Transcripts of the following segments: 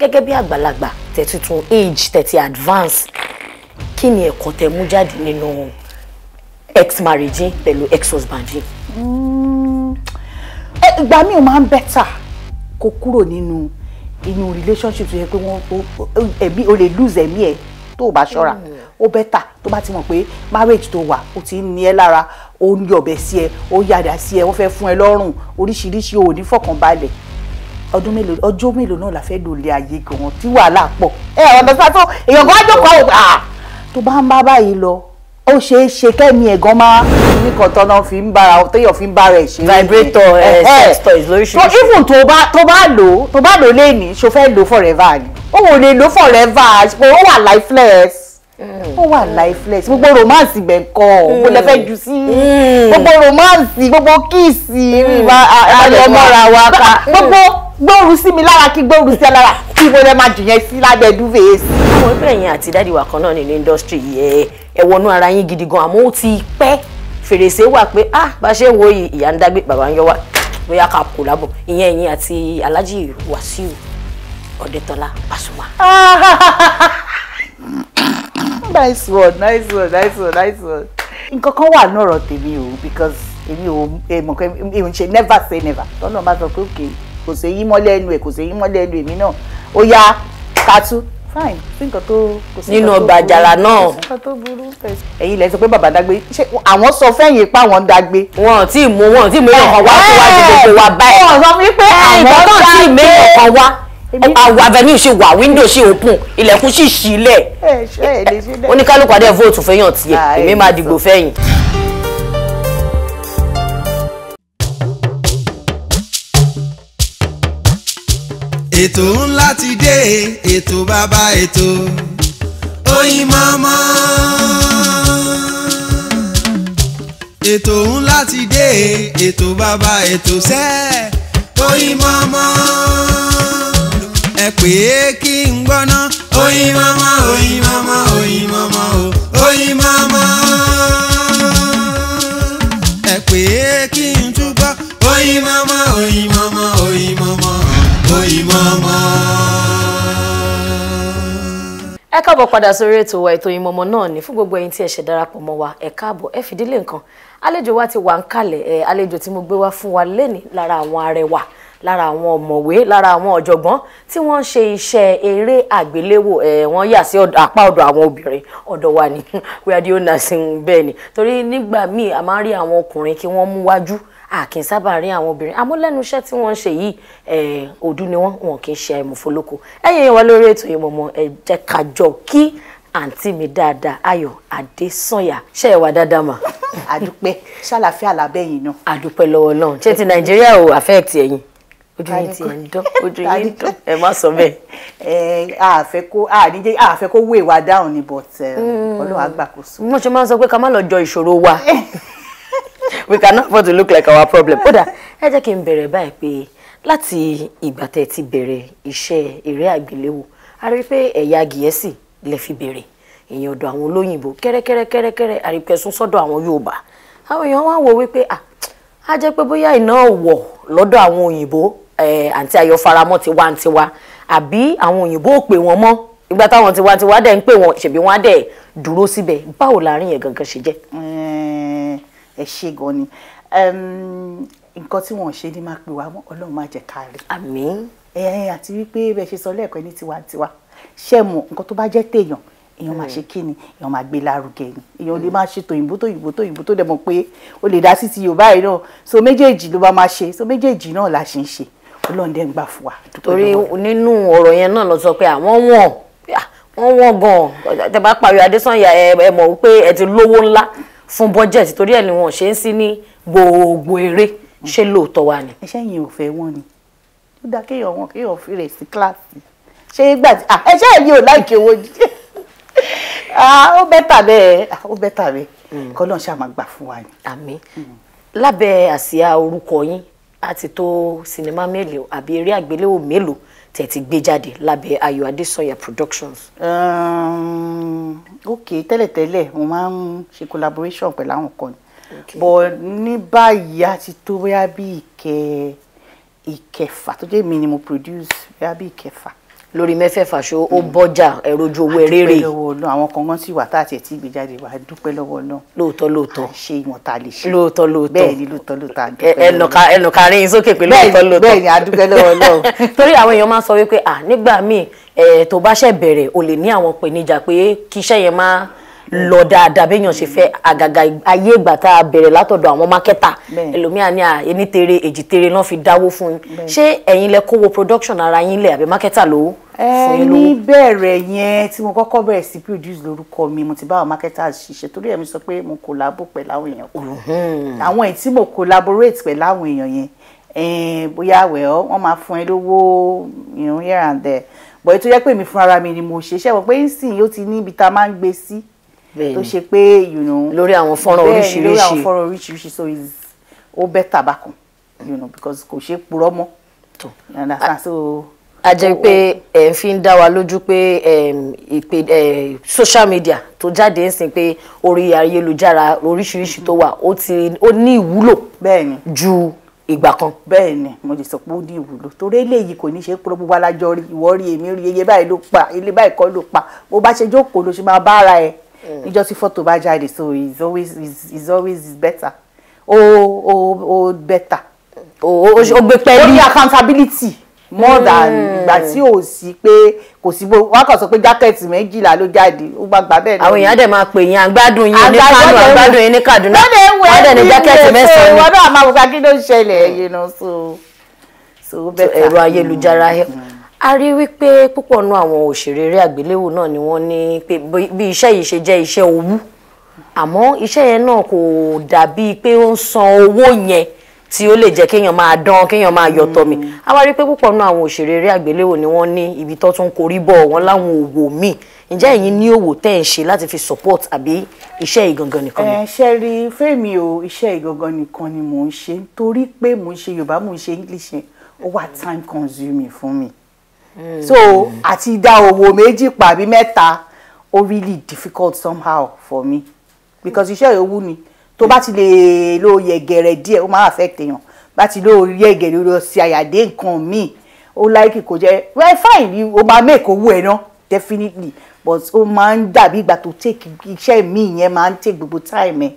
gẹ́gẹ́ bí àgbàlagbà tẹ̀ tuntun age tẹ̀ advance kí ni ẹ̀kọ́ tẹ mú jáde nínú ex marriage yín pẹ̀lú ex husband yín. Hmm. ìgbà míì máa ń bẹ́tà kó kúrò nínú inú relationship tó yẹ pé wọ́n o lè lose ẹ̀mí ẹ̀ tó o bá ṣọ́ra hmm. ó bẹ́tà tó bá ti mọ̀ pé marriage tó wà ó ti ń ní ẹ lára ó ń yọ̀bẹ sí ẹ o yàdá sí ẹ wọ́n fẹ́ fún ẹ lọ́rùn oríṣiríṣi ò ní fọkànbalẹ̀ ọdún mélòó ọjọ́ mélòó náà la fẹ́ lò lé ayé gan tí wàhálà pọ̀ ẹ ọ̀dọ̀ sá tó èèyàn kan á jókòó àwọn ah, à tó bá ń bá báyìí lọ ó ṣeé ṣe kẹ́mi ẹ̀ gan máa ní kan tọ́nà fi ń bára téèyàn fi ń bára ẹ̀ ṣe. vibrator eh, ẹ sex toys lóríṣiríṣi. so even tó bá tó bá lò ó tó bá lò ó léènì ṣo fẹ́ lò forever ni ó wò lè lò forever ó wà lifeless mm. ó wà lifeless gbogbo romance ibẹ̀ kọ́ mm. gbogbo lẹ́fẹ́ jù sí mm. gbogbo romance gbogbo kíìsì ìrìn ìbá àlọ́mọ́ra wa ká gbogbo gbóòrú sí mi lára kí gbóòrú sí ẹ lára kí mo lè máa jìyàn sí lábẹ́ dúvèé sí. àwọn ẹgbẹ́ yẹn àti dáàdi wa kan náà nínú indọ́sítírì yẹ ẹ wọnú ara yín gidi gan àmọ́ ó ti pẹ́ fèrèsé wà pé ah bá ṣe ń wo ìyá ń dágbé bàbá ń yọ wá bóyá ká kò lábọ̀ ìyẹn ẹ̀yin àti Alhaji Wasiu Ọ̀dẹ́tọ́lá Pasuma. nice one nice one nice one nice one. nǹkan kan wà ní ọ̀rọ̀ tèmi o because èmi ò mọ̀ pé èmi ò ṣe never say never tọ́lọ́ máa sọ pé okay kò ṣe yín mọ́lẹ̀ ẹnu ẹ̀ kò ṣe yín mọ́lẹ̀ ẹnu èmi náà ó yá kátú fine sí nǹkan tó kò sí nǹkan tó burú nínú ọgbà àjàrà náà nǹkan tó burú ẹ̀yin lẹ sọ pé bàbá dágbé ṣé àwọn sọ fẹ́yìn pa àwọn dágbé. wọn ò tí ì mú wọn ò tí ì mú èèyàn kan wá tó wá ju gbogbo wa báyìí wọn sọ fún mi pé eh, àwọn náà tí ì mú èèyàn kan wá àwọn avenue ṣì wà window ṣì open ilẹ̀kùn ṣì ṣílẹ̀ eh, oníkálukú adé vote fẹ́yàn tiẹ̀ ah, èmi máa dìgbò fẹ́yìn. ètò ńlá ti dé ètò bàbá ètò Oyinmomo. ètò ńlá ti dé ètò bàbá ètò sẹ́ Oyinmomo. ẹ pè é kí n gbọ́ná Oyinmomo Oyinmomo Oyinmomo Oyinmomo. ẹ pè é kí n túbọ̀ Oyinmomo ìmọ̀ọ́mọ́. ẹ káàbọ̀ padà sórí ètò wa ètò ìmọ̀ọ́mọ́ náà ní fún gbogbo ẹ̀yin tí ẹ ṣe darapọ̀ mọ́ wa ẹ káàbọ̀ ẹ fìdílé nǹkan àlejò wa ti wà ń kalẹ̀ ẹ àlejò tí mo gbé wá fún wa lẹ́ni lára àwọn arẹwà lára àwọn ọ̀mọ̀wé lára àwọn ọ̀jọ̀gbọ́n tí wọ́n ṣe iṣẹ́ eré àgbéléwò ẹ̀ wọ́n yà sí apá ọ̀dọ̀ àwọn obìnrin ọ̀dọ̀ wa ni wíwádìí ó nà sí bẹ́ẹ̀ ni torí nígbà míì a máa ń rí àwọn ọkùnrin kí wọ́n mú wájú a kì í sábà rí àwọn obìnrin àmọ́ lẹ́nu iṣẹ́ tí wọ́n ń ṣe yìí òdu ni wọ́n wọn kì í ṣe àìmọ̀fólókò ẹ̀yin wa lórí ètò yìí mọ̀mọ́ ẹ jẹ́ kí àǹtí mi dáadáa ayọ̀ adésànyà ṣe é wà dáadáa mà. àdúpẹ́ ṣàlàfíà làbẹ́yìn náà. àdúpẹ́ lọ́wọ́ náà ṣé ti nàìjíríà ò affect ẹ̀yin ojú yín ti ẹ̀ ń dán ojú yín ń dán ẹ má sọ bẹ́ẹ̀. ẹ àfẹ́ kó àníjẹ àfẹ́ kó wé wa dáhùn ni but mm. ọlọ́run àgbàkóso. mo ṣe máa ń sọ pé ká má lọ jọ ìṣòro wa. we cannot afford to look like our problem. Oda, dà ẹ jẹ́ kí n bẹ̀rẹ̀ báyìí pé láti ìgbà tẹ́ ti bẹ̀rẹ̀ iṣẹ́ eré àgbéléwò a rí i pé ẹ̀yà gẹ̀ẹ́sì lè fi bẹ̀rẹ̀ èèyàn ọ̀dọ̀ àwọn olóyìnbó kẹ́rẹ́kẹ́rẹ́kẹ́rẹ́ àrípẹ̀sùn sọ́dọ̀ àwọn yorùbá àwọn èèyàn wá wò wípé à á jẹ́ pé bóyá iná wọ̀ lọ́dọ̀ àwọn òyìnbó àǹtí ayọ̀ faramọ́ tiwantiwa àbí àwọn òyìnbó ò pè wọ́n mọ́ ìgbà táwọn tiwantiwa dẹ̀ ń pè wọ́n ṣèbí wọ́n á dẹ̀ dúró síbẹ̀ báwo làárín yẹn gangan ṣe jẹ́ ẹ ṣe gan ni nǹkan tí wọ́n ṣe ni máa pè wá ọlọ́run máa jẹ́ ká rí. àmín. àti wípé bẹ́ẹ̀ ṣe sọ lẹ́ẹ̀kan ní tiwantiwa ṣé mọ̀ nǹkan tó bá jẹ́ téèyàn èèyàn máa mm. ṣe kí ni èèyàn máa gbé lárugẹ ni èèyàn lè mm. máa ṣe tòyìnbó tòyìnbó tòyìnbó tó dẹ̀ mọ̀ pé o lè dá sí ti yorùbá yìí náà so méjèèjì ló bá máa ṣe so méjèèjì náà la ṣe ń ṣe ọlọ́run dẹ̀ ń gbà fún wa. torí nínú ọ̀rọ̀ yẹn náà lọ sọ pé àwọn wọ̀n ah, wọ́n wọ́n gan-an tẹ bá pariwo adésanya ẹ mọ̀ pé ẹ ti lówó ńlá fún budget torí ẹ̀ ni wọn ṣe ń sí ní gbogbo eré ṣé lóòótọ́ wa ni. ẹṣẹ́ yẹn ò fẹ́ wọ́n ni ó dáa kéèyàn wọn kéèyàn fi rẹ̀ sí kíláàsì ṣé gbà tí ẹṣẹ́ yẹn ò láìkè owó jẹ́ ó bẹ́tà bẹ́ẹ̀ ó bẹ́tà bẹ́ẹ̀ hmm. kọ́lọ́n ṣáà máa gbà fún wa ni. àmín hmm. lábẹ́ àsíá orúkọ yín a ti tó sinimá mélòó àbí eré àgbéléwò mélòó tẹ̀ ti gbé jáde lábẹ́ Ayọ̀ Adésanya Productions. Um, ok tẹ́lẹ̀tẹ́lẹ̀ mo máa ń ṣe collaboration pẹ̀lú àwọn kan okay. but ní báyìí a ti tó bóyá bí ìkẹ ìkẹfà tó jẹ́ mi ni mo produce bóyá bí ìkẹfà lórí mẹ́fẹ̀ẹ̀fà ṣó ó hmm. bọ́jà ẹ̀rọ ojú owó rere. a dúpẹ́ lọ́wọ́ Ọlọ́run àwọn kan gan sì wà tá àti ẹ̀tí ìgbéjáde wà á dúpẹ́ lọ́wọ́ Ọlọ́run. lóòótọ́ lóòótọ́ ṣe ìwọ̀n ta lè ṣe. lóòótọ́ lóòótọ́ bẹ́ẹ̀ ni lóòótọ́ lóòótọ́ àdúpẹ́. ẹnu kárí yín sókè pé lóòótọ́ lóòótọ́ bẹ́ẹ̀ ni àdúpẹ́ lọ́wọ́ Ọlọ́run. torí àwọn èèyàn máa ń sọ wípé à nígbà míì tó bá ṣẹ̀ bẹ̀rẹ̀ o lè ní àwọn ìpèníjà pé kíṣẹ́ yẹn máa lọ dáadáa béèyàn ṣe fẹ́ àgàgà ayé ìgbà tá a bẹ̀rẹ̀ látọ̀dọ̀ àwọn mákẹ́tà ẹlòmíà ní ẹni tere èjì tere náà fi dáwó fún yín ṣé ẹ̀yin lẹ kówó production ara yín lẹ̀ àbí mákẹ́tà lówó ẹ ní bẹ̀rẹ̀ yẹn tí mo kọ́kọ́ bẹ̀rẹ̀ sí produce lórúkọ mi mo ti bá àwọn marketers ṣiṣẹ́ torí ẹ̀ mi sọ pé mo collabo pẹ̀lú àwọn èèyàn mhm. àwọn èyí tí mo collaborate pẹ̀lú àwọn èèyàn yẹn bóyá wẹ̀ ọ́ wọ́n máa fún ẹ lówó here and there bọ̀ èyí tó yẹ pé mi fúnra mi ni mo ṣe ṣẹ́wọ̀n pé ń sìn yóò ti ní ibi tá a máa ń gbé sí. Si tó ṣe pé you know lórí àwọn fọ́nrán oríṣiríṣi lórí àwọn fọ́nrán oríṣiríṣi so is ó better bákan you know because kò ṣe purọ́ mọ́ tó understand so a jẹ́ pé ẹ fi ń dá wa lójú pé ìpè social media tó jáde ń sìn pé orí ayélujára oríṣiríṣi tó wà ó ti ó ní ìwúlò ju ìgbà kan. bẹ́ẹ̀ni mo lè sọ pé ó ní ìwúlò torí eléyìí kò ní ṣe pé gbogbo alájọ rí ìwọ rí èmi rí iye báyìí ló pa ilé báyìí kọ́ ló pa bó bá ṣe jókòó ló ṣe máa bá ara ẹ Mm. You níjọ́ tí fọ́tò bá jáde so it's always it's, it's always it's better oh oh oh better oh o oh pẹ̀lú lórí accountability more mm. than ìgbà tí ò sí pé kò sí bó wọn kàn sọ pé jákẹ́ẹ̀tì méjìlá ló jáde ó gbàgbà bẹ́ẹ̀ ni. àwọn èèyàn dẹ̀ máa pè yín àgbádùn yín ní Kánò àgbádùn yín ní Kaduna wọ́n dẹ̀ ní jákẹ́ẹ̀tì mẹ́sàn-án. wọn náà máa wọ kí ló ń ṣẹlẹ̀ yìí náà so so better. ẹ̀rọ ayélujára a rí wípé púpọ̀ nú àwọn òṣèré eré àgbéléwò náà ni wọ́n ní pé bí iṣẹ́ yìí ṣe jẹ́ iṣẹ́ owú àmọ́ iṣẹ́ yẹn náà kò dàbí pé ó ń san owó yẹn tí ó lè jẹ́ kéèyàn máa dán kéèyàn máa yọ̀tọ̀ mi a wá rí pé púpọ̀ nú àwọn òṣèré eré àgbéléwò ni wọ́n ní ibi tó tún korí bọ̀ wọ́n láwọn òwò míì ǹjẹ́ ẹ̀yin ní òwò tẹ́ ẹ̀ ń ṣe láti fi support àbí iṣẹ́ ìgangan nìkan ni. ẹ ṣe rí fẹ́mi o iṣẹ́ ìgangan nìkan ni mò ń ṣe torí pé mò ń ṣe Yorùbá mò ń ṣe English ó wà time consuming fún mi. Mm Mm. so àti dá owó méjì pàbí mẹ́ta ó really difficult somehow for me because iṣẹ́ ìyówù ni tó bá ti lè lo yẹ̀gẹ̀rẹ̀ díẹ̀ ó máa affect èèyàn bá ti lo yẹ̀gẹ̀rẹ̀ lọ sí àyàdé nǹkan míì ó láìkì kò jẹ́ well fine ó máa make owó ẹ̀ náà definitely but ó máa ń dàbí ìgbà tó take iṣẹ́ míì yẹn máa ń take gbogbo time ẹ̀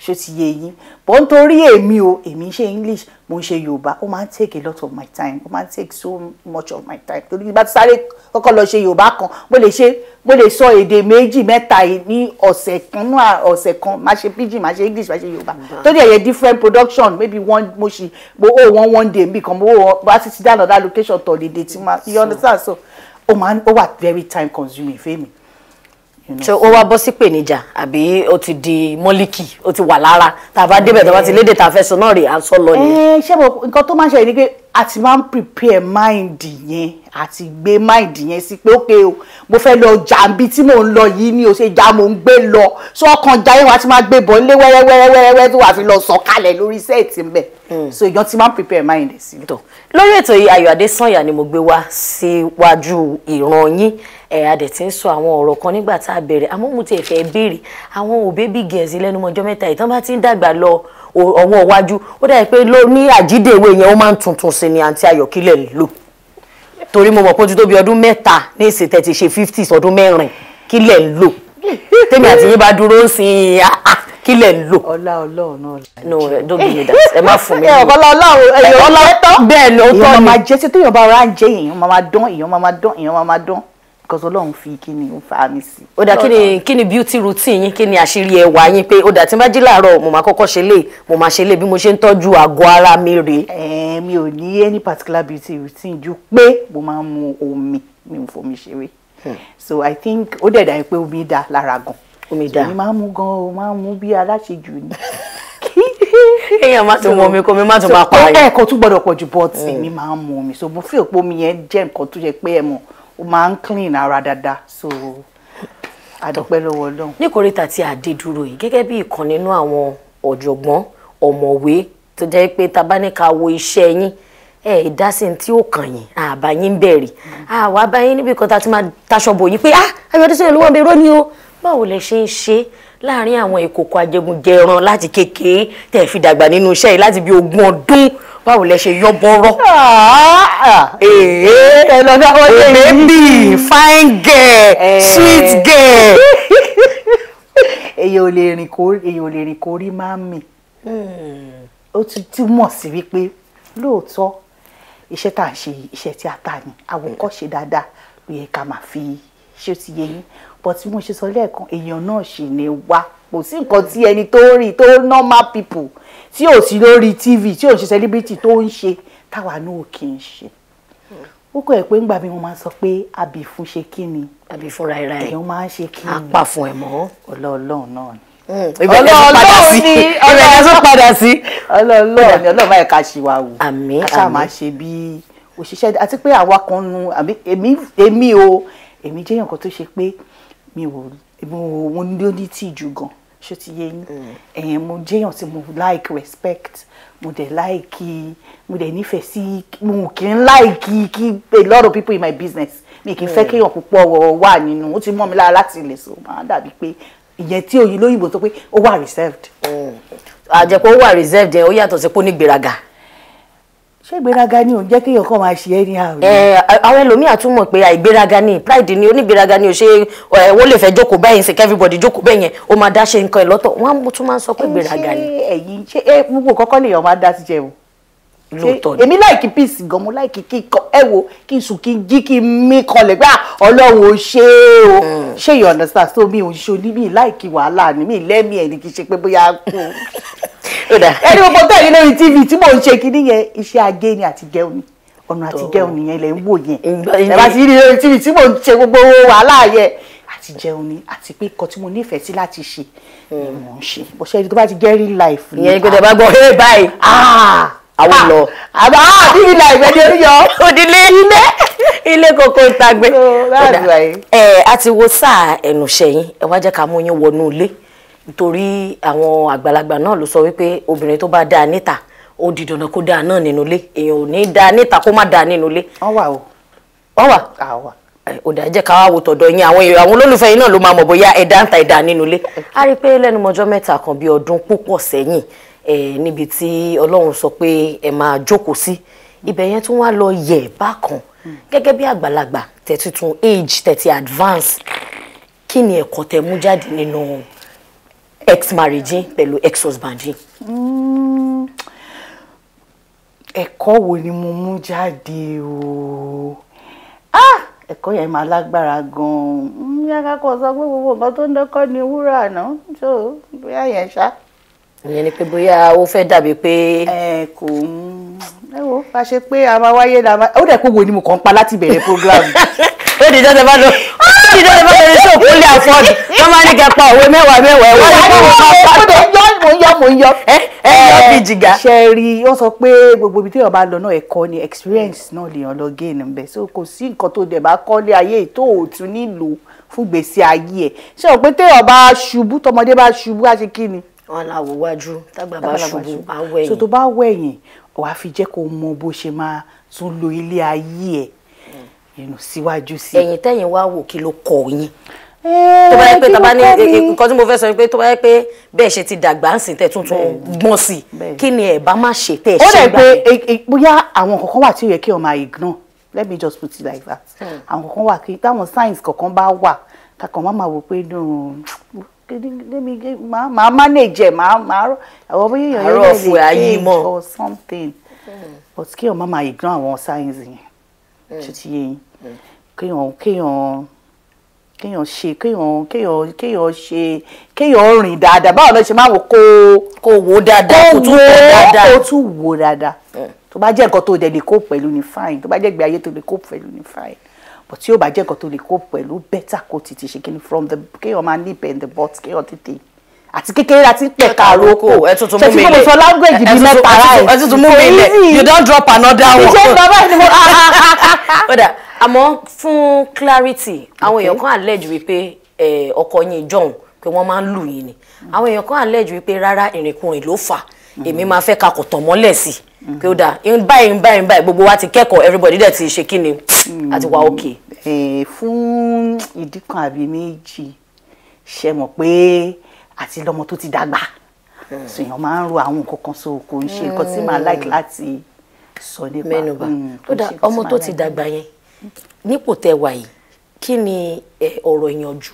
ṣó ti yé yín bọ́ nítorí èmi o èmi ṣe english mo ń ṣe yorùbá ó máa ń take a lot of my time ó máa ń take so much of my time torí bá ti sáré kọ́kọ́ lọ ṣe yorùbá kan mo lè ṣe mo lè sọ èdè méjì mẹ́ta ní ọ̀sẹ̀ kan ní ọ̀sẹ̀ kan má ṣe pidgin má ṣe english má ṣe yorùbá torí ẹ̀yẹ different production maybe one mo ṣì mo ó oh, one one day nbì kan mo ó oh, bá ti ti dáná location tọ̀ lédè tí ma you understand so ó máa ń ó wà very time consuming fẹ́mi so ó wá bọ́ sí pèníjà àbí ó ti di mọ́líkì ó ti wà lára tá a bá débẹ̀ tó bá ti eh. léde tá a fẹ́ sọ náà rè á sọ lọ ni. ẹ eh, ṣé mo nǹkan tó máa ń ṣẹlẹ̀ ni pé a ti máa ń prepare mind yẹn àti gbé mind yẹn sí pé ókè o mo fẹ́ lọ jà níbi tí mò ń lọ yìí ni o ṣe já mo ń gbé lọ so ọkàn já yẹn wá ti máa gbé bọ̀ nílé wẹ́rẹ́wẹ́rẹ́wẹ́rẹ́ tó wà fi lọ sọ kalẹ̀ lórí sẹ́ẹ̀tì ń bẹ̀ hmm. so ìyàn ti máa ń prepare mind sí. lórí ètò yìí Ayọ̀ Adésànyà ni mo gbé wá síwájú ìran yín ẹ̀ adẹ̀ ti ń sọ àwọn ọ̀rọ̀ kan nígbà tá a bẹ̀rẹ̀ àmọ́ mo tiẹ̀ fẹ́ béèrè àwọn òbí big girls lẹ́nu ọjọ́ mẹ́ta ìtàn bá ti ń dàgbà lọ ọwọ́ iwájú ó dàbí pé ló ní àjídèwé yẹn ó máa ń tuntun sí ni àǹtí ayọ̀kílẹ̀ ń lò torí mo mọ̀ pé ó ti tó bí ọdún mẹ́ta ní ìsìn tẹ̀ ti ṣe fifty ọdún mẹ́rin kílẹ̀ ń lò tèmi àti yín bá dúró ń sin ah, ah, kí lẹ̀ ń lò. ọlá Ọlọ́run náà la. no don't give me that ẹ má fún mi. ọlá Ọlọ́run ẹyọ ọlá bẹ́ẹ̀ lóòótọ́ ni. èèyàn máa jẹ sí téèyàn bá ara ń jẹ èèyàn máa dán èèyàn máa dán èèyàn máa dán because ọlọ́run fi kí ni ó fa mi sí. ó dà kí ni beauty routine yín kí ni àṣírí ẹwà yín pé ó dà tí n bá jí láàárọ̀ mo máa kọ́kọ́ ṣe lè mo máa ṣe lè bí mo ṣe ń tọ́jú àgọ́ ara mi rèé. ẹ̀ẹ́n mi ò ní any particular beauty routine ju pé mo máa ń mu omi mi ò fomi ṣeré hmm. so i think ó dẹ̀ dà yín pé omi dá lára gan. omi dá èmi máa ń mu gan o máa ń mu bí aláṣejù ni. èèyàn má tún mu omi kó mi má tún máa pààyàn. ẹ̀ẹ̀kan tún gbọ́dọ̀ pọ̀ ju bọ́ọ̀tì hmm. mi máa ń mu omi so mo fi òpó mi yẹn jẹ́ nǹkan tó yẹ pé ẹ mọ̀ ó máa ń clean ara dáadáa so àdúpẹ́ lọ́wọ́ Ọlọ́run. ní kòríta tí àdé dúró yìí gẹ́gẹ́ bí ìkan nínú àwọn ọ̀jọ̀gbọ́n ọ̀mọ̀wé tó jẹ́ pé tá bá ní ká wo iṣẹ́ yín ẹ ìdásí tí ó kàn yín àbá yín bẹ̀rẹ̀ àwa bá yín níbi kan tá a ti máa taṣọ bò yín pé ah ayọ̀dẹ́sí olúwọ́n mi rọ́ ni o báwo lẹ ṣe ń ṣe láàárín àwọn ìkòkò ajẹgúnjẹran láti kékeré tẹ̀ fi dàgbà nínú iṣẹ́ yìí láti bí ogún ọdún báwo lẹ ṣe yọ bọ́rọ́. Ah, ah, ah. ẹ lọ fine girl eh. sweet girl. èyí ò lè rìn kó èyí ò lè rìn kó rí màmí. Hmm. ó ti túmọ̀ sí wípé lóòótọ́ iṣẹ́ tá à ń ṣe iṣẹ́ tí a ta ni àwòkọ́ṣe dáadáa ló yẹ ká máa fi ṣé ó ti yẹ yín but tí mo ṣe sọ lẹ́ẹ̀kan èèyàn náà sì ni wá kò sí nǹkan tí ẹni tó rí tó normal people tí ò sí lórí tv tí ò ń ṣe celebrity tó ń ṣe táwa náà kì í ṣe ó kọ́ ẹ̀ pé ńgbà mi wọ́n máa sọ pé àbìfún ṣe kí ni àbìfún ra ẹ̀ra ẹ̀ èèyàn máa ń ṣe kí ni apá fún ẹ̀ mọ́ ọlọ́ọ̀lọ́ọ̀ náà ni ọlọ́ọ̀lọ́ọ̀ ni ìrẹ̀lẹ̀ tó padà sí ọlọ́ọ̀lọ́ọ̀ ni ọlọ́ọ̀ máa ẹ̀ka ṣìwà wò àmín àmín máa ṣe bí òṣìṣẹ́ mi ò mo ò ní ní tìjú gan ṣó ti yé yín mm. mo jẹ́yàn tí mo like respect mo dẹ̀ like mo dẹ̀ nífẹ̀ẹ́ sí mo kì í like kí a lot of people in my business mi kì í fẹ́ mm. kéèyàn púpọ̀ wà nínú ó ti mọ́ mi lára láti ilẹ̀ so máa dàbí pé ìyẹn tí òyìn lóyìnbó sọ pé ó wà reserved. àjẹpọ̀ mm. ó wà reserved ẹ̀ ó yàtọ̀ sí pé ó ní gbéraga ṣé ìgbéraga ni ò ń jẹ́ kéèyàn kàn máa ṣe é ní àwẹ̀. ẹ àwọn ẹlòmíà tún mọ̀ pé àìgbéraga ni pride ni onígbéraga ni ò ṣe ẹ wọ́n lè fẹ́ jókòó bẹ́ẹ̀ ṣe everybody jókòó bẹ́ẹ̀ yẹn ó máa dá ṣe nǹkan ẹ̀ lọ́tọ̀ wọ́n á tún máa sọ pé ìgbéraga ni. ẹyin ṣe é gbogbo kọ́kọ́ lèèyàn máa dá ti jẹun lóòótọ́ ni èmi láìkí peace gan mo láìkí kí ẹ wo kí n sùn kí n jí kí n mí kanlẹ̀ pé ah, ọlọ́run ò ṣe é o mm. ṣé you understand so mi ò ṣe onímì láìkí wàhálà ni mi lẹ́mìí ẹ̀ ní kí n ṣe pé bóyá kú ẹni mo bọ́ tẹ̀lé lórí tv tí mò ń ṣe kí nìyẹn iṣẹ́ agé ni àti gẹ́ù ni ọ̀nà àti gẹ́ù nìyẹn ilẹ̀ ń wò yẹn ẹ̀ bá ti rí lórí tv tí mò ń ṣe gbogbo wàhálà yẹn àti jẹun ni àti pé nǹkan tí mo nífẹ̀ẹ́ sí láti ṣe ni mm. mò ń ṣe bó ṣe ẹni tó bá ti jẹ́ life ìyẹn ìgbésẹ̀ ah. bá gbọ́ ẹ báyìí. Ah àwọn ah, lọ. àbá àti ah, ìlà ìgbẹ́jẹ́ oníyọ. òdìlé ilé ilé kòkó ìtàgbé. Oh, ẹ a ti wo sáà ẹnùṣẹ yín ẹ wá jẹ́ ká mú yín wọnú ilé nítorí àwọn àgbàlagbà náà ló sọ wípé obìnrin tó bá dáa níta ó di dandan kó dáa náà nínú ilé èèyàn ò ní dáa níta kó má dáa nínú ilé. wọ́n wà o. wọ́n wà. àwa òdà jẹ́ ká wá wo tọ̀dọ̀ yín àwọn èèyàn àwọn olólùfẹ́ yín náà ló máa mọ̀ bóyá ẹ̀dá ń ta ẹ̀dá nínú ilé. a rí i pé lẹ́nu mọ́jọ́ mẹ́ta kan bíi ọdún púpọ̀ sẹ́yìn Eh, níbi tí ọlọ́run sọ pé ẹ máa jókòó sí ibẹ̀ yẹn tún wá lọ yẹ̀ bákan gẹ́gẹ́ bí àgbàlagbà tẹ̀tí tún age tẹ̀tí advance kí ni ẹ̀kọ́ tẹ mú jáde nínú ex marriage pẹ̀lú ex husband yìí. Hmm, ẹ̀kọ́ wo ni mo mú jáde o ah, ẹ̀kọ́ yẹn máa lágbára gan-an yàrá hmm, kò sọ pé gbogbo nǹkan tó ń dọ́kọ́ ni wúrà náà tó bóyá yẹn ìyẹn ni pé bóyá ó fẹ́ dàbí pé. ẹ kò ń ẹ wo bá ṣe pé a máa wáyé la máa ó dẹ̀ kó wo ni mo kàn ń pa láti bẹ̀rẹ̀ program. ó di dandan bá lọ ó di dandan bá lọ ní sóòpù ó lè àfọ́ọ̀dù wọ́n máa ní kẹ́ pa òwe mẹ́wàá mẹ́wàá ẹ̀wọ̀n. mo ń yọ mo ń yọ. ẹ ẹ yọ bí jìgá. ṣe rí i sọ pé gbogbo ibi téèyàn bá lọ náà ẹ̀kọ́ ni experience náà lèèyàn lọ gain níbẹ̀ so kò sí nǹkan tó dẹ̀ bá kọ́lé ayé ètò òtún nílò fún gbèsè ayé ẹ̀ ṣé o pé téèyàn bá ṣubú tọmọdé bá ṣubú á ṣe kí ni wọn láwọ wájú tágbà bá ṣubú àwẹ̀yìn. so tó bá wẹ̀yìn wàá fi jẹ́ kó mọ bó ṣe máa tún lo ilé ayé ẹ̀ ìrìn hmm. síwájú sí. ẹ̀yìn tẹ̀yìn wá wò kí ló kọ yín tó bá yẹ pé tàbá ní nǹkan tí mo fẹ́ sọ pé tó bá yẹ pé bẹ́ẹ̀ ṣe ti dàgbà ń sìn tẹ̀ tuntun gbọ́n sí kí ni ẹ̀ bá má ṣe tẹ̀ ṣe gbà. ó dẹ̀ pé e, e, bóyá àwọn kankan wà tí ó yẹ kí o máa ignore let me just put it like that hmm. àwọn kankan wà kí táwọn signs kankan bá wà kakàn má máa wò pé màá màá manage màá màá àwọn bóyá èèyàn yóò lè lè cake or something but kéèyàn má máa ignore àwọn signs yẹn tó hmm. ti yé yín hmm. kéèyàn kéèyàn kéèyàn ṣe kéèyàn kéèyàn kéèyàn ṣe kéèyàn rìn dáadáa báwo ló ṣe máa wò kó kó wò dáadáa kó tún wò dáadáa hmm. kó tún wò dáadáa tó bá jẹ́ nǹkan tó dẹ̀ lè kó pẹ̀lú ní fine tó bá jẹ́ ìgbé ayé tó lè kó pẹ̀lú ní fine but tí ó bá jẹ́ nǹkan tó lè kó pẹ̀lú better kó tètè ṣe kíni from the kéèyàn máa ní in the butt kéèyàn tètè àti kékeré la ti ń pẹ̀ka àròkò ṣe tí mo sọ language bíi mẹ́ta ráì ẹ tuntun mú mi lẹ you don drop another one. ìṣe bàbá ẹni mo kódà àmọ́ fún clarity àwọn èèyàn kan allege wípé ọkọ yín john pé wọ́n máa ń lù yín ni àwọn èèyàn kan allege wípé rárá ìrìnkùnrin ló fà èmi máa fẹ́ kakọ̀ tàn mọ́lẹ̀ sí i pé mm-hmm. ó dáa báyìí báyìí báyìí gbogbo wa ti kẹ́kọ̀ọ́ everybody dẹ̀ ti ṣe kí ni àti mm-hmm. wà òkè. Eh, fún ìdí kan àbí méjì ṣe mọ̀ pé àti lọ́mọ tó ti dàgbà mm-hmm. sèèyàn máa ń ro àwọn nǹkan kan so kò ń ṣe nǹkan tí màá like láti sọ nípa mẹ́nuba ó dà ọmọ tó ti dàgbà yẹn nípò tẹ́ yìí kí ni eh, ọ̀rọ̀ ìyànjú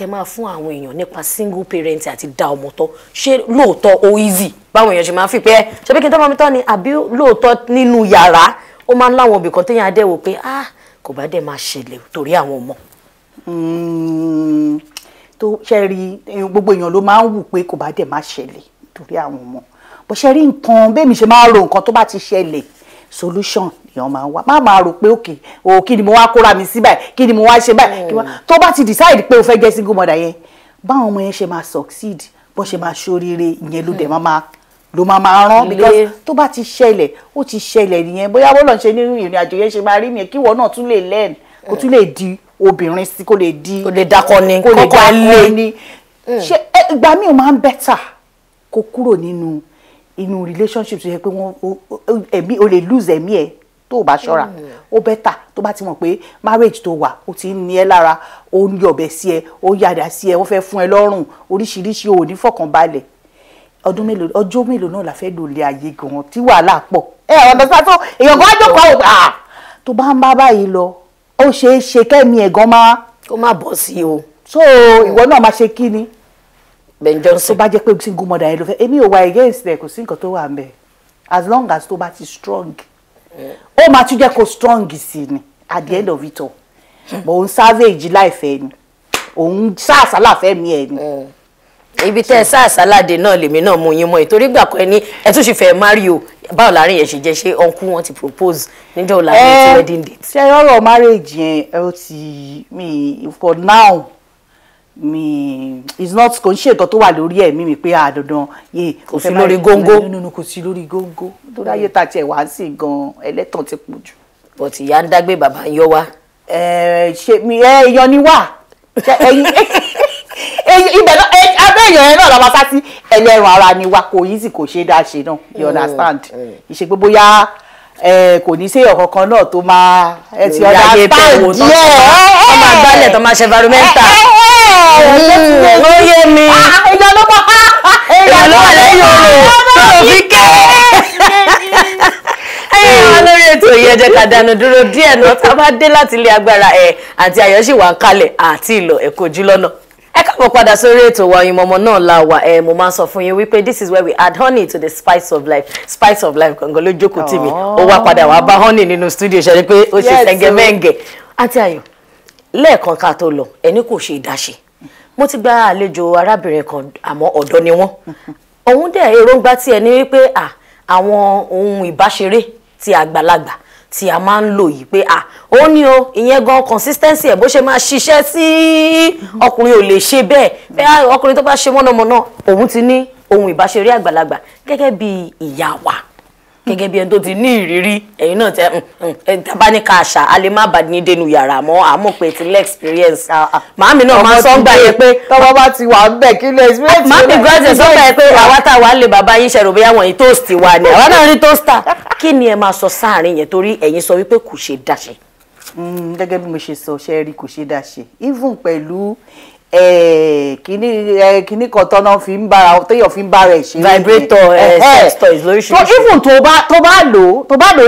tẹ máa fún àwọn èèyàn nípa single parent àti dá ọmọ tọ́ ṣé lóòótọ́ o easy báwọn èèyàn ṣe máa fi pé ẹ ṣe bí kí n tọ́ mọ́ tọ́ ni àbí lóòótọ́ nínú yàrá ó máa ń láwọn òbí kan téèyàn adẹ́wò pé ah kò bá dẹ̀ máa ṣẹlẹ̀ torí àwọn ọmọ. Hmm, tó ṣe rí gbogbo èèyàn ló máa ń wù pé kò bá dẹ̀ máa ṣẹlẹ̀ torí àwọn ọmọ bó ṣe rí nǹkan bẹ́ẹ̀ mi ṣe máa ro nǹkan tó bá ti ṣẹlẹ̀ solution èèyàn máa ń wá má máa rò pé o kí ni mo wá kóra mi sí báyìí kí ni mo wá ṣe báyìí hmm. tó bá ti decide pe o fẹ́ jẹ́ single mother yẹn báwọn ọmọ yẹn ṣe máa succeed bó ṣe ma ṣoríire ìyẹn ló dẹ̀ hmm. máa máa ló máa máa rán because tó bá ti ṣẹlẹ̀ ó ti ṣẹlẹ̀ nìyẹn bóyá wọ́n lọ ṣe nínú ìrìn àjò yẹn ṣe máa rí nìyẹn kí wọ́n náà tún lè learn ko tún le di obìnrin sí kó lè di ko le dakọ ni kó lè dakọ ni hmm. ṣe ìgbà míì ó máa ń better kó kúrò nínú inú relationship tó yẹ pé wọ́n ẹ̀mí o lè lose ẹ̀mí ẹ̀ tó o bá ṣọ́ra mm. ó better tó bá ti mọ̀ pé marriage tó wà ó ti ń ní ẹ lára ó ń yọ̀bẹ̀ sí ẹ ó yàdá sí ẹ ó fẹ́ fún ẹ lọ́rùn oríṣiríṣi ò ní fọkànbalẹ̀ ọdún mélòó ọjọ́ mélòó náà la fẹ́ lò lé ayé gan-an tí wàhálà pọ̀ ẹ ọ̀dọ̀ sá tó èèyàn kan á jókòó àwọn ah, ọ̀gbà ah, tó bá ń bá báyìí lọ ó ṣeé ṣe kẹ́mi ẹ̀ gan máa. kó má bọ̀ sí o. so ìwọ náà máa ṣe kí ni Ben Johnson. tó bá jẹ́ pé single mother ẹ ló fẹ́ èmi ò wá against ẹ kò sí nǹkan tó wà ń bẹ̀ as long as tó bá ti strong ó máa tún jẹ́ kó strong sí ni at the end of it all mò ń savage láìfẹ́ ni òun sáàsálà fẹ́ mi ẹ̀ ni. ibi tẹ́ ẹ sáàsálà dé náà lèmi náà mú yín mọ́ ìtorí gbà kan ẹni ẹ tún ṣe fẹ́ mario báwo láàrin yẹn ṣe jẹ́ ṣé ọ̀nkú wọn ti propose níjọ́ làwọn ti eh, wedding date. ṣé ọ̀rọ̀ marriage yẹn ó ti mi for now mi it's not kò ń ṣe nǹkan tó wà lórí ẹ̀mí mi pé àdandan ah, yé kò sí lórí góńgó nínú kò sí lórí góńgó tó dáyé ta tiẹ̀ wá sí gan ẹlẹ́tàn ti pọ̀ jù. but ìyá ń dágbé bàbá ń yọ wá. ẹ ṣe mi ẹ èèyàn ni wá ẹyin ibẹ̀ náà abẹ́ èèyàn yẹn náà lọ́ba sá sí ẹlẹ́rùn ara ni wá kò yí sì kò ṣe é dá ṣe náà you mm, understand mm. ìṣe pé bóyá kò ní sí ọ̀kan kan náà tó máa ẹ ti understand díẹ̀ ọ máa gbálẹ̀ tó máa ṣe environmental. Eh, eh, eh, ó yé mi ah, ah, ìjà ló wà ìjà ló wà lẹ́yìn orò tó fi ké ẹ̀yin wa lórí ètò yìí ẹ jẹ́ ká dánu dúró díẹ̀ náà tá a bá dé láti ilé agbára ẹ̀ àti ayọ̀ sì wà ń kalẹ̀ àti ìlọ ẹ̀kọ́ ojú lọ́nà ẹ káàbọ̀ padà sórí ètò wa Oyinmomo náà la wà ẹ mo máa ń sọ fún yín wípé this is where we add honey to the spice of life spice of life gangan ló jókòó tì mí ó wá padà wá bá honey nínú studio ṣe ni pé ó ṣe sẹ́ngẹ́mẹ́ǹgẹ̀ oh. àti ayọ̀ lẹ́ẹ̀kan ká tó lọ ẹni kò ṣe ìdáṣe mo ti gba àlejò arábìnrin kan àmọ́ ọ̀dọ́ ni wọ́n òun dẹ̀ èròǹgbà tiẹ̀ ni wípé àwọn ohun ìbáṣeré ti àgbàlagbà tí a máa ń lò yìí pé à ó ní o ìyẹn gan consistency ẹ bó ṣe máa ṣiṣẹ́ sí ọkùnrin ò lè ṣe bẹ́ẹ̀ bẹ́ẹ̀ ọkùnrin tó bá ṣe mọ̀nàmọ́ná òun ti ní ohun ìbáṣeré àgbàlagbà gẹ́gẹ́ bí ìyá wa gẹ́gẹ́ bí ẹni tó ti ní ìrírí ẹ̀yin náà tẹ mm, mm, ẹ tábà ní ká àṣà a lè má bà ní dénú yàrá mọ́ àmọ́ pé ti lé experience. màámi náà máa sọ ń gbà yẹn pé tọ́wọ́ bá ti wà ń bẹ̀ kí lè experience. Ah, màámi gbọ́dọ̀ sọ pé pé àwa tá a wà lè bàbá yín ṣẹ̀rọ̀ bóyá wọ̀nyí toast wa ni àwa náà rí toaster kí ni ẹ máa sọ sáàrin yẹn torí ẹ̀yin sọ wípé kò ṣe dáṣe. Mm, gẹ́gẹ́ bí mo ṣe sọ ṣe kò ṣe dáṣe even pẹ̀lú Eh, kìíní eh, kan tọ́nà fi ń bára téèyàn fi ń bára ẹ̀ ṣe. vibrator eh, sex toys lóríṣiríṣi. so even tó bá tó bá lò ó tó bá lò ó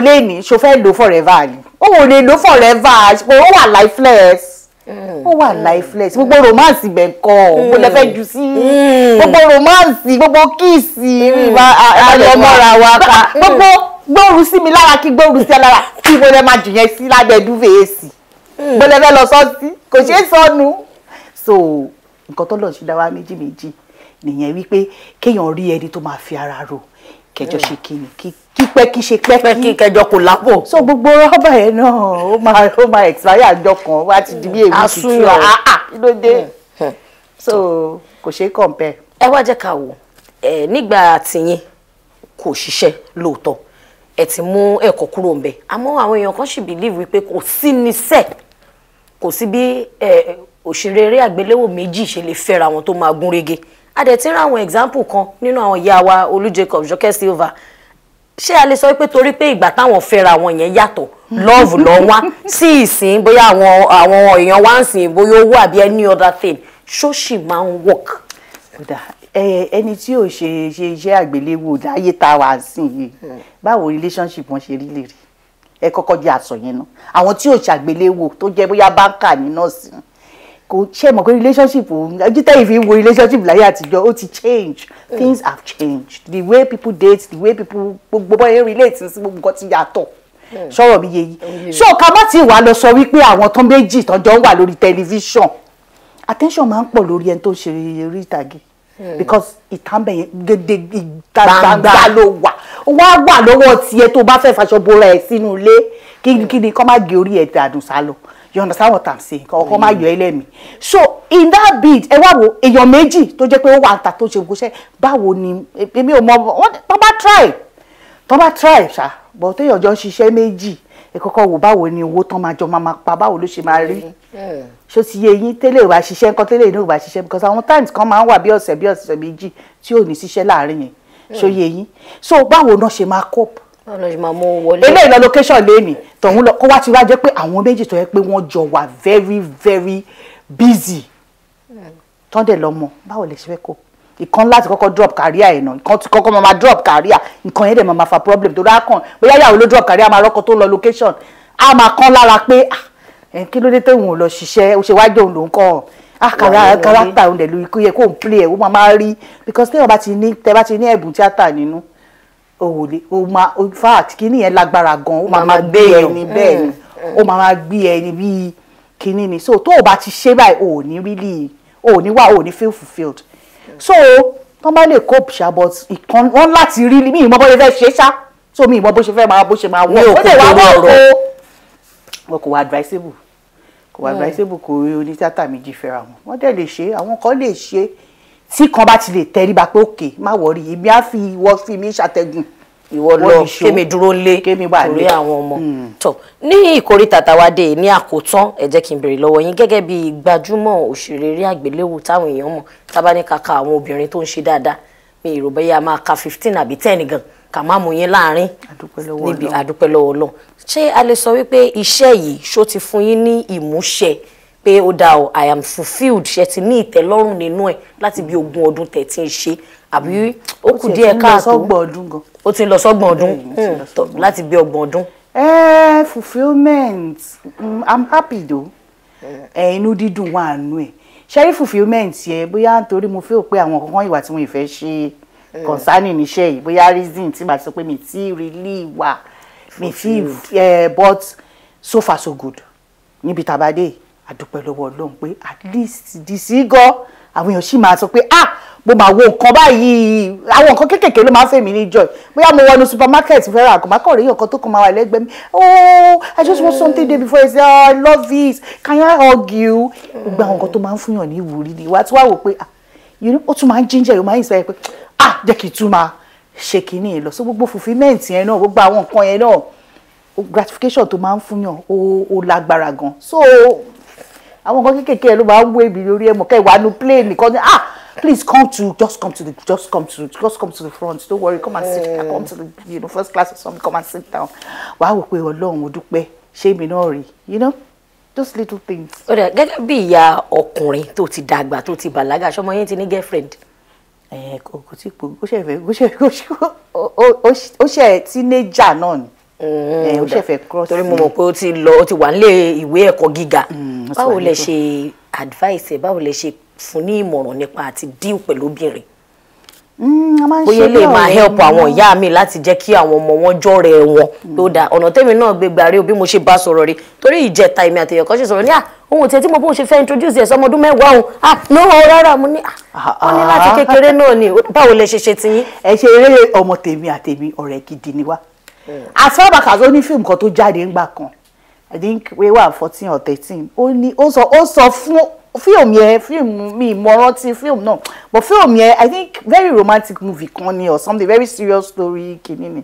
ṣo fẹ́ lò forever ni ó wò lè lò ó forever ó wà lifeless mm. ó wà lifeless gbogbo mm. romance ibẹ̀ kọ́ gbogbo lẹ́fẹ́ jù sí mm. gbogbo romance gbogbo kíìsì àlọ́mọ́ra wa ká gbogbo gbóòrú sí mi lára kí gbóòrú sí ẹ lára kí gbogbo ẹ máa jù yẹn sí lábẹ́ dúvẹ̀ẹ́sì gbogbo lẹ́fẹ́ lọ sọ́ọ́ sí kò ṣeé sọnù so nǹkan tó lọ́ọ́ ṣe dá wa méjì méjì nìyẹn wípé kéèyàn rí ẹni tó máa fi ara rò kẹjọ ṣe kíni kípẹ́ kí ṣe pẹ́ kí kẹjọ kò lápò. so gbogbo rọ́bà yẹn náà ó máa ó máa expire àjọ kan wá ti di bí èmi ti tú ọ kí ló dé hmm, hmm. so kò ṣeé compare. ẹ wá jẹ́ ká wò ẹ nígbà tìyín kò ṣiṣẹ́ lóòótọ́ ẹ ti mú ẹ̀kọ́ kúrò ńbẹ̀ àmọ́ àwọn èèyàn kan sì believe wípé kò sí níṣẹ́ kò sí bí òṣèré eré àgbéléwò méjì ṣe lè fẹ́ra wọn tó máa gúnrégé a dẹ̀ ti ń ra àwọn example kan nínú àwọn ìyá wa Olú Jacob Jọkẹ́ Silva ṣé a lè sọ pé torí pé ìgbà táwọn fẹ́ra wọn yẹn yàtọ̀ lọ́ọ̀vù lọ́ wá sí ìsìn bóyá àwọn àwọn èèyàn wá ń sìn bóyá owó àbí any other thing ṣó sì máa ń work. ẹni tí ò ṣe ṣe iṣẹ́ àgbéléwò láyé tá a wà sìn yìí báwo relationship wọn ṣe rí lè rí ẹ kọ́kọ́ jẹ́ àsọ̀yẹn náà àwọn tí ò ṣàgbéléwò tó jẹ́ bóyá báńkà ní nọ́ọ̀sì kò ṣe mọ̀ pé relationship ojú tẹ́yìn fi ń wo relationship láyé àtijọ́ ó ti change mm. things have changed the way people date the way people gbogbo bọ́ẹ̀ relate sí gbogbo nǹkan ti yàtọ̀ sọ̀rọ̀ mm. mi yẹ yìí so ká má ti wà lọ sọ wípé àwọn tó méjì tó jọ ń wà lórí tẹlifíṣàn attention máa ń pọ̀ lórí ẹni tó ń ṣe eré ìtàgé mm. because ìtàmbẹ̀ yẹn gèdè gbàgbà ló wà wá wà lọ́wọ́ tiẹ̀ tó bá fẹ́ faṣọ bora ẹ̀ sínú ilé kí ni kọ́ má gé orí ẹ̀ dànù sá lọ you understand what i'm saying kọ́ ọkọ máa mm. yọ ẹ lẹ́mìí so in that bid ẹ wá wo èèyàn méjì tó jẹ́ pé ó wà ń ta tó ṣe gbóṣẹ́ báwo ni èmi ò mọ wọ́n bá try tọ́ bá try ṣá bọ̀ téèyàn jọ ń ṣiṣẹ́ méjì ẹ kọ́kọ́ wò báwo ni owó tán máa jọ máa máa pa báwo ló ṣe máa rí ṣó ti yé yín tẹ́lẹ̀ ìwà ṣiṣẹ́ nǹkan tẹ́lẹ̀ ìnáwó ìwà ṣiṣẹ́ because àwọn times kan máa ń wà bí ọ̀sẹ̀ bí ọ̀sẹ̀ méjì tí ò ní ṣiṣẹ́ láàrin yẹn ṣó yé yín so báwo náà ṣe máa cope eléyìí lọ location lẹ́ẹ̀mí tọ̀hún lọ kó wá ti wá jẹ́ pé àwọn méjì tó yẹ pé wọ́n jọ wà very very busy tọ́ndẹ̀ lọ́mọ báwo lè ṣe fẹ́ kó ìkan láti kọ́kọ́ drop career ẹ̀ náà ìkan ti kọ́kọ́ máa drop career ìkan yẹn dẹ̀ máa fa problem tó dákàn bóyá ìyàwó ló drop career máa rọ́kọ tó lọ location á máa kán lára pé ah, kí ló dé tóun ò lọ ṣiṣẹ́ ó ṣe wájú òun ló ń kọ́ ọ́ kárátà òun dẹ̀ ló yẹ kó ń play ẹ̀ ó máa máa rí because tẹ́wọ́ bá ti ní ẹ̀bùn tíátà nínú o ò lè o máa in fact kíní yẹn lágbára gan o máa máa gbé ẹni bẹ́ẹ̀ ni o máa máa gbé ẹni bíi kíní ni so tó o bá ti ṣe báyìí o ò ní really o ò ní wà o ò ní feel fulfilled so wọ́n bá lè cope ṣá but ìkan wọ́n láti rí mi ìmọ̀ bó ṣe fẹ́ ṣe ṣá so mi ìmọ̀ bó ṣe fẹ́ máa bó ṣe máa wọ̀ ó lè wá wọ̀ o wọn kò wá advisable kò wá advisable kò rí oní tíátà méjì fẹ́ra wọn wọ́n dẹ̀ lè ṣe àwọn kan lè ṣe tí kan bá ti lè tẹríba pé òkè má wọrí ibi á fi ìwọ fi mí ṣàtẹ̀gùn ìwọ lọ kémi dúró lé kémi wà lé àwọn ọmọ hmm. tó ní ìkórè tàtàwádé ní àkótán ẹ jẹ́ kí n béèrè lọ́wọ́ yín gẹ́gẹ́ bí gbajúmọ̀ òṣèré eré àgbéléwò táwọn èèyàn mọ̀ tábání kàkà àwọn obìnrin tó ń ṣe dáadáa mi ìrò bẹyà máa ka fifteen àbí ten gan kà má mú yín láàrin níbi àdúpẹ́ lọ́wọ́ lọ ṣé a lè sọ wípé iṣẹ́ yìí ṣó ti fún yín ní ìmúṣẹ pé ó dá o i am fulfilled ṣe ti ní ìtẹ́lọ́rùn nínú ẹ̀ láti bí ogún ọdún tẹ̀ tí ń ṣe àbí mm. ó kù díẹ̀ káàtó ó ti ń lọ sọ́gbọ̀n ọdún láti bí ọgbọ̀n ọdún. Eh, fulfilment mm, i'm happy though ẹ inú dídùn wà nù ẹ ṣẹ́rí fulfilment yẹn bóyá nítorí mo fẹ́ pé àwọn kankan ìwà tí mo fẹ́ ṣe mm. concerning iṣẹ́ yìí bóyá reason tí màá sọ pé mi ti really wà mi ti eh, but so far so good níbi tàbádé yìí àdúpẹ́ lọ́wọ́ ọlọ́run pé at least dìsí gan àwọn èèyàn sì máa sọ pé ah mo máa wo nǹkan báyìí àwọn nǹkan kéékèèké ló máa ń fèmí ní joy bóyá mo wọnú supermarket fẹ́ ra àkànmá kọ̀ọ̀rẹ́ yìí ọ̀kan tó kàn máa wà lẹ́gbẹ̀ẹ́ mi oh i just want something there before i say oh, i love this can i hug you gbogbo àwọn nǹkan tó máa ń fúnyàn ní ìwúrí ni ìwà tí wàá wò pé ah ó tún máa ń jíjẹ ó máa ń ìsẹ́yẹ pé ah jẹ́ kí n tún máa ṣe kínní yẹn lọ so gbogbo fulfilment yẹn náà gbogbo àwọn nǹkan yẹn náà gratification tó máa ń fúnyàn ó lágbára gan so àwọn nǹkan kéékèèké ẹ ló máa ń wé mi lórí ẹ mọ̀ kẹ́ ìwà nu plane kan ní ah please come to just come to the just come to just come to the front don't worry come and sit down come to the you know, first class or something come and sit down wàá wò pé ọlọ́run ò dúpẹ́ ṣé mi náà rí you know those little things. ó dà gẹ́gẹ́ bí ìyá ọkùnrin tó ti dàgbà tó ti bàlágà ṣọmọ yẹn ti ní girlfriend. ẹ kò tí kò ṣe fẹ́ kò ṣe kò ṣe ó ṣe teenager náà ni ẹ o ṣẹ̀fẹ̀ cross torí mo mọ̀ pé o ti lọ o ti wà nílé ìwé ẹ̀kọ́ gíga mm, báwo lẹ ṣe advice ẹ báwo lẹ ṣe fún ní ìmọ̀ràn nípa àti deal pẹ̀lú obìnrin mm, bóyá lè máa help àwọn ìyá mi láti jẹ́ kí àwọn ọmọ wọn jọ́rẹ̀ wọn mm. tó dáa ọ̀nà tèmi náà gbé gbàrí o bí mo ṣe bá sọ̀rọ̀ rí torí ìjẹta èmi àtẹ̀yẹ̀ kan ṣe sọ̀rọ̀ ní à ohun tí ẹ tí mo bóun ṣe fẹ́ introduce ẹ̀ sọmọdún mẹ́wàá òun à náà rárá mo ní à ní láti kékeré náà ni báwo lẹ ṣe ṣe tiyín. ẹ ṣe eré ọmọ tèmi àtèmi ọ̀rẹ́ gidi ni wá Asfa Bakas ó ní fíìmù kan tó jáde ńgbà kan I think we were fourteen or thirteen ó ní ó sọ ó sọ fún fíìmù yẹn fíìmù mi ìmọ̀rántí fíìmù náà but fíìmù yẹn I think very romantic movie kan ni or something very serious story kìíní ni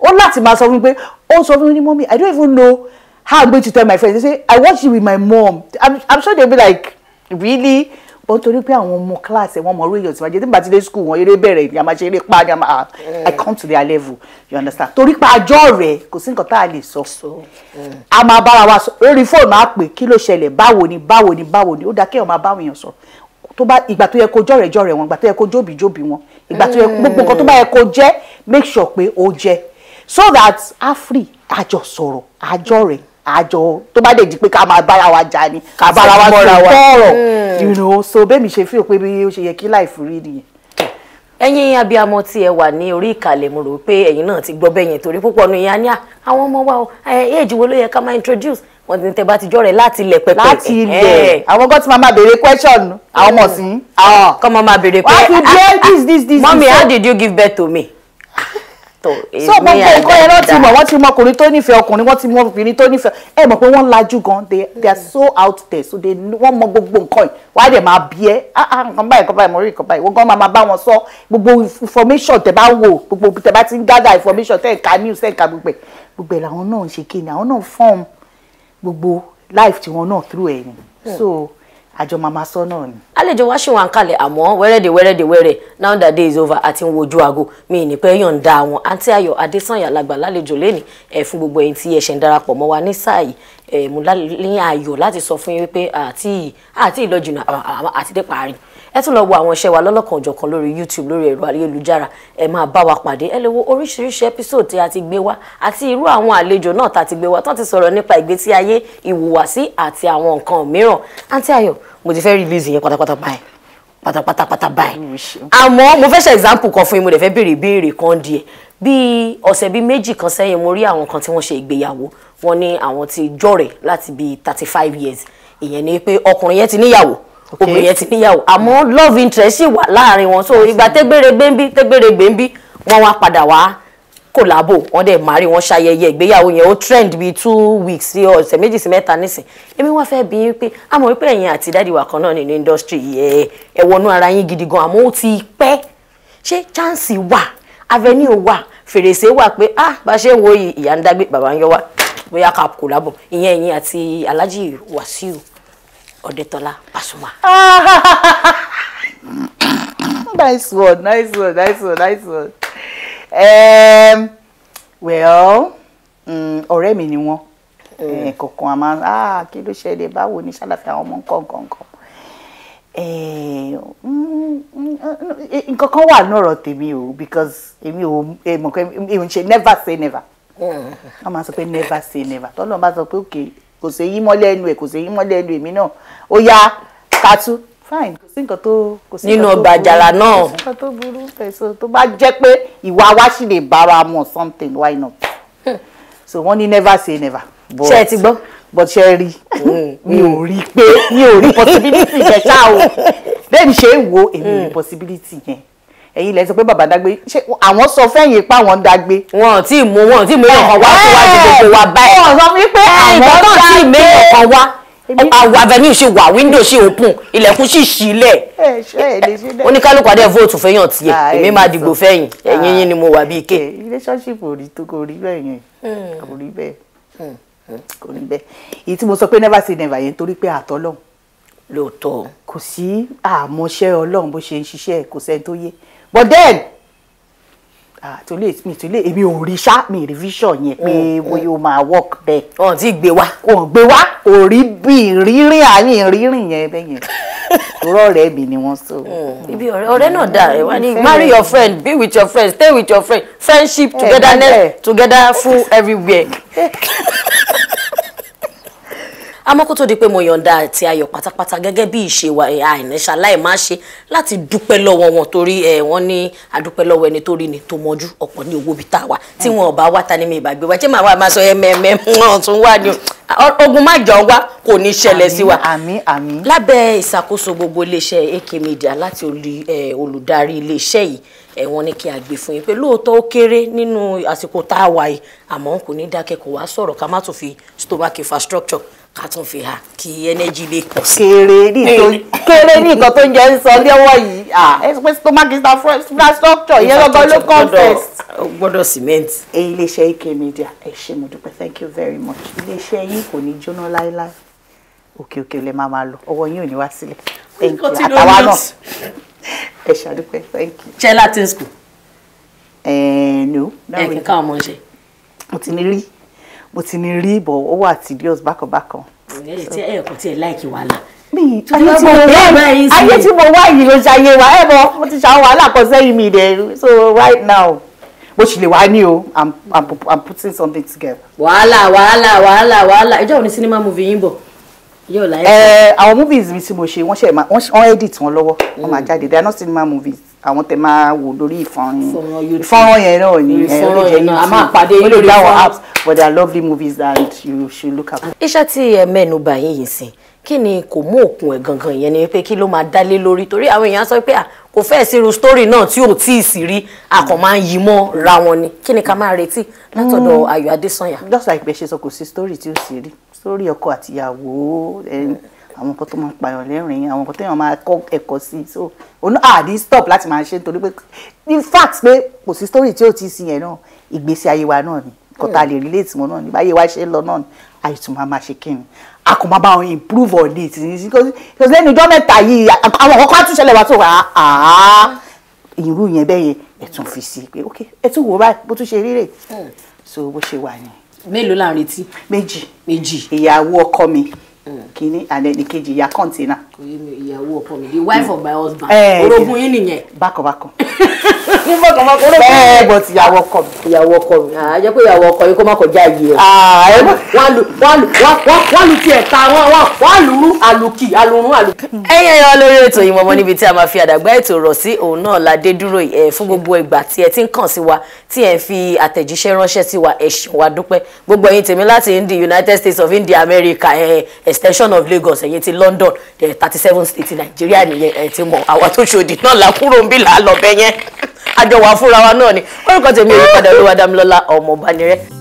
ó láti máa sọ fún mi pé ó sọ fún mi ní mọ́mí I don't even know how I'm going to tell my friends they say I watched it with my mom I'm, I'm sure they'll be like really ó torí pé àwọn ọmọ kíláàsì wọn mọ orí èèyàn tí wọn jẹ tí bá ti dé school wọn eré bẹ̀rẹ̀ a máa ṣe eré pa ni ah eh. i come to their level you understand torí pé àjọ rẹ kò sí nǹkan tá a lè sọ eh. a máa bára wa sọ lórí fóònù á pè kí ló ṣẹlẹ̀ báwo ni báwo ni báwo ni ó dáa kéèyàn máa báwọn èèyàn sọ tó bá ìgbà tó yẹ kó jọ̀rẹ̀ jọ̀rẹ̀ wọn ìgbà tó yẹ kó jòbí jòbí wọn ìgbà tó yẹ gbogbo nǹkan tó bá yẹ kó jẹ́ make sure pé ó jẹ́ so that Afri free àjọ sọ̀rọ̀ àjọ rẹ̀ àjọ tó bá dẹ̀ di pé ká máa bára wa jà ni ká bára wa sọ hmm. you know so bẹ́ẹ̀ mi ṣe feel pé bí ó ṣe yẹ kí life rí nìyẹn. ẹ̀yin abiyamọ tí ẹ wà ní orí ìkàlẹ̀ mo rò pé ẹ̀yin náà ti gbọ́ bẹ́yẹn torí púpọ̀ nù yẹn á ní ah, àwọn ọmọ wa age wo ló yẹ ká máa introduce wọn ti tẹ bá ti jọ rẹ láti ilẹ̀ pẹpẹ láti ilẹ̀ àwọn gọ́tí máa máa béèrè question àwọn ọmọ hmm. sí. Ah, kọ́ máa máa béèrè pé ah, mọ́mí how did you give birth to me? So, èmi àgbàdà. sọ gbogbo nǹkan yẹn náà ti mọ̀ wọ́n ti mọ ọkùnrin tó nífẹ̀ẹ́ ọkùnrin wọ́n ti mọ obìnrin tó nífẹ̀ẹ́ ẹ mọ̀ pé wọ́n lajú gan they they are so out there so they wọ́n mọ gbogbo nǹkan yìí wọ́n á máa bí ẹ́ ah ah nǹkan báyìí nǹkan báyìí mo rí nǹkan báyìí wọ́n gan máa bá wọn sọ gbogbo information tẹ̀ bá wò gbogbo tẹ̀ bá ti ń gather information tẹ̀ ń ka news tẹ̀ ń ka gbogbo ẹ̀ gbogbo ẹ̀ làwọn náà ń ṣe kí ni àwọn náà form gbogbo life tiwọn náà through ẹ̀ ni so. Mm àjọ màmá sọ náà ni. àlejò wá ṣì wà ń kalẹ̀ àmọ́ wẹ́rẹ́dẹ̀ wẹ́rẹ́dẹ̀ wẹ́rẹ́ now that day is over àti ń wojú aago mi ì ní pẹ́ yàn ń da àwọn àǹtí ayọ̀ adésànyà làgbà lálejò lẹ́ni ẹ̀ fún gbogbo ẹ̀yin tí ẹ ṣẹ̀ ń darapọ̀ mọ́ wa ní sáà yìí ẹ̀ mú láyé ayọ̀ láti sọ fún yín wípé àti àti ìlọjìnà àti dé ẹ tún lọ wo àwọn iṣẹ́ wa lọ́lọ́kan òjọ̀kan lórí YouTube lórí ẹ̀rọ ayélujára ẹ máa bá wa pàdé ẹ lè wo oríṣiríṣi episode tí a ti gbé wá àti irú àwọn àlejò náà tá a ti gbé wá tó ti sọ̀rọ̀ nípa ìgbésí ayé ìhùwàsí àti àwọn nǹkan mìíràn àǹtí Ayọ̀ mo ti fẹ́ release yẹn pátápátá báyìí pátápátá pátá báyìí àmọ́ mo fẹ́ ṣe example kan fún yín mo dẹ̀ fẹ́ béèrè ìbéèrè kan díẹ̀ bíi ọ̀sẹ̀ bíi méjì kan sẹ́yìn mo rí àwọn kan tí wọ́n ṣe ìgbéyàwó wọ́n ní àwọn ti jọ̀rẹ̀ láti bíi thirty five years ìyẹn ni pé ọkùnrin yẹn ti níyàwó obìnrin yẹn ti níyàwó àmọ́ love interest ṣì wà láàrin wọn so ìgbà tẹ́gbèrè gbẹ́ńbí tẹ́gbèrè gbẹ́ńbí wọ́n wá padà wá kòlábò wọ́n dẹ̀ máa rí wọn ṣayẹyẹ ìgbéyàwó yẹn ó trend bíi two weeks sí ọ̀sẹ̀ méjì sí mẹ́ta nísìn èmi wá fẹ́ bí i pé àmọ́ wípé ẹ̀yin àti dáàdi wà kan náà nínú industry yẹ ẹ wọnú ara yín gidi gan àmọ́ ó ti pẹ́ ṣé chance wà avenue wà fèrèsé wà pé ah bá ṣe ń wo ìyá ń dágbé bàbá ń yọ wá bóyá kòlábò ìyẹn ẹ̀yin àti Alhaji Wasiu. Ọdẹ́tọ́lá Pasuma. nice one nice one nice one nice one. Um, well mm, ọ̀rẹ́ mi ni wọ́n kọ̀ọ̀kan a máa ah kí ló ṣẹlẹ̀ báwo ni ṣàlàfẹ́ àwọn ọmọ nǹkan nǹkan eh, mm, mm, nǹkan kan wà ní ọ̀rọ̀ tèmi o because èmi ò eh, mọ̀ pé èmi ò ṣe never say never wọ́n máa sọ pé never say never tọ́lọ́ bá sọ pé okay kò ṣe yí mọ́lẹ̀ ẹnu ẹ̀ kò ṣe yí mọ́lẹ̀ ẹnu èmi náà ó yá kátú fine kò sí nǹkan tó kò sí nǹkan tó burú nínú ọgbà náà kò sí nǹkan tó burú èso tó bá jẹ́ pé ìwà wa sì lè bára mọ̀ something why not so wọ́n ní never say never. ṣé ẹ ti gbọ́ bó ṣe rí mi ò rí pé mi ò rí possibility yẹn ṣáà o bẹ́ẹ̀ ṣe é wo èmi rí possibility yẹn ẹ̀yin lẹ sọ pé bàbá dágbé ṣé àwọn sọ fẹ́yìn pa àwọn dágbé. wọn ò tí ì mú wọn ò tí ì mú èèyàn kan wá tó wá ju gbogbo wa báyìí. wọn sọ fún mi pé àwọn náà tí ì mú èèyàn kan wá àwọn avenue ṣì wà window ṣì open ilẹ̀kùn ṣì ṣílẹ̀ oníkálukú adé vóòtù fẹ́yàn tiẹ̀ èmi máa dìgbò fẹ́yìn ẹ̀yìn yín ni mo wà bíi ké. relationship kò rí tó kò rí bẹ́ẹ̀ yẹn hmm. kò rí bẹ́ẹ̀ hmm, hmm. kò rí bẹ́ẹ̀ èyí tí mo sọ pé never say never yẹn torí pé àtọ́lọ́hún lóòótọ́ kò sí àmọ́ṣẹ́ ọlọ́run bó ṣe ń ṣiṣẹ́ kò sẹ́ni tó yé but then ah, tó lè mi tó lè èmi ò rí ṣá mi rí vision yẹn pé mm, mm. bóyá o máa work bẹ́ẹ̀. ọ̀n tí gbé wá. ọ̀n gbé wá kò rí bí rírìn àyìn rírìn yẹn bẹ́ẹ̀ yẹn òró ọ̀rẹ́ mi ni wọ́n sọ. Mm. ibi ọ̀rẹ́ ọ̀rẹ́ náà dà ẹ wá ní marry your friend be with your friend stay with your friend friendship eh, togetherness eh. together full everywhere. Eh àmọ́ kó tó di pé mo yọ̀ǹda àti ayọ̀ pátápátá gẹ́gẹ́ bí ìṣe wa àìníṣà eh, láì má ṣe láti dúpẹ́ lọ́wọ́ wọn torí eh, wọ́n ní àdúpẹ́ lọ́wọ́ ẹni tó rí ni tó mọ́jú ọ̀pọ̀ ní owó bí tá a wà tí mm. wọn ò wá ta ni mi ìbàgbé wa jẹ́ màá wá máa sọ ẹ̀mẹ̀ẹ̀mẹ̀ wọn tún wá ní ogun má jọ wá kò ní ṣẹlẹ̀ sí wa lábẹ́ ìṣàkóso gbogbo iléeṣẹ́ AK Media láti eh, olùdarí iléeṣẹ́ yìí ẹ̀wọ̀n ni kí a gbé fún yín pé lóòótọ́ ó kéré nínú àsìkò tá a wà yìí àmọ́ kò ní dákẹ́ kò wá sọ̀rọ̀ ká má tún fi stomach infrastructure ká tún fi hà kí ẹnẹ́jì lè pọ̀ sí. kéré ní nǹkan tó ń jẹ́ ń sọ lọ́wọ́ yìí express stomach infrastructure yẹn lọ́gọ́ ló confess. o gbọ́dọ̀ cement. iléeṣẹ́ AK Media ẹ ṣé mo dúpẹ́ thank you very much iléeṣẹ́ yìí kò ní jóná láéláé òkè òkè lè máa máa lọ ọwọ́ yín ò ní wá sílẹ̀ thank you àtàwa náà ẹ ṣàdúpẹ́ thank you. ṣé latin school. ẹ̀ẹ́n eh, no. ẹ̀ẹ́n kíkà ọmọ ṣe. mo ti ní rí mo ti ní rí bọ̀ ó wà tedious bákan bákan. ẹ ẹ kò tiẹ̀ láìkí wàhálà. mi ayé tí mo wá ayé tí mo wá yìí ló ṣayé wa ẹ bọ mo ti ṣàwọn wàhálà kan sẹ́yìn mi dẹ̀ so right now bó ṣe lè wá ní o i'm i'm i'm putting something together. wàhálà wàhálà wàhálà wàhálà ìjọ òní sinimá movie yín bọ̀ yóò láyé. ẹ eh, àwọn movies mi tí mo ṣe wọ́n ṣe wọ́n edit wọn lọ́wọ́ wọ́n máa mm. jáde they are not cinema movies àwọn tẹ máa wò lórí ìfọ̀nrin ìfọ̀nrin yẹn náà ni ẹ̀rọ yẹn náà a máa pàdé lórí YouTube àwọn apps but they are lovely movies that you should look at. iṣẹ́ tí ẹ mẹ́nu bà yín yìí sìn kí ni kò mú òkun ẹ̀ gangan yẹn ni pé kí ló máa dálé lórí torí àwọn èèyàn sọ pé kò fẹ́ẹ̀ sí irú story náà tí ò tí ì sì rí a kàn máa ń yí mọ́ ra wọn ni kí ni ká máa retí látọ̀dọ̀ hmm. Ayọ̀ Adésànyà. just like bẹ́ẹ̀ ṣe sọ kò sí story tí ò sì rí story ọkọ àtìyàwó àwọn nǹkan tó máa ń payàn lẹ́rìn-ín àwọn nǹkan téèyàn máa kọ́ ẹ̀kọ́ sí i so òun náà àdí stop láti máa ṣe nítorí pé in fact pé kò sí story tí ò ti sin yẹn náà ìgbésí ayé wa náà ni nǹkan tá a lè relate mọ́ náà ni báyé wa ṣe ń lọ náà ni àìtún máa máa ṣe kí ni a kò máa bá wọn improve on it because lẹ́nu ọjọ́ mẹ́ta yìí àwọn kọ́kọ́ àtúnṣẹlẹ̀ wa tó wà á ah, ah. irú yẹn bẹ́ẹ̀ yẹn ẹ̀ tún fi sí pé ok ẹ tún wò báyìí bó tún ṣe rí rè hmm. so bó ṣe wà ni. mélòó la ń retí. méjì méjì ìyàwó ọkọ mi Kini kínní àdẹnìkejì ya kọ́ńtínà ìyàwó ọkọ mi the wife of my husband eh, orogún yín nìyẹn. bákan bákan bákan bákan orogún yín. ẹ bọ ti ìyàwó ọkọ mi. ìyàwó ọkọ mi àá ah, jẹ pé ìyàwó ọkọ yín kó má kọjá yìí o. wọ́n lu wọ́n lu wọ́n lu tiẹ̀ ta wọ́n wọ́n lu àlùkì àlùrún àlùkì. ẹ̀yin ẹyọ lórí ètò yìí mọmọ níbi tí a máa fi àdàgbà ètò rọ̀ sí òun náà la dé dúró ẹ eh, fún gbogbo ìgbà tí ẹ ti ń kàn sí wa tí ẹ ń fi àtẹ̀jíṣẹ́ ránṣẹ́ sí wa ẹ ṣeun wa dúpẹ́ gbogbo ẹ̀yin tèmi láti the United States of India America eh, extension of Lagos ẹ̀yin ti London thirty seven state Nigeria, nìyẹn ẹ ti mọ àwa tó ṣòdì náà là kúrò ń bí là á lọ bẹ yẹn àjọwà fúnra wa náà ni orúkọ tèmi olùpadà olúwadámilọ́lá ọmọ ọba nìrẹ́.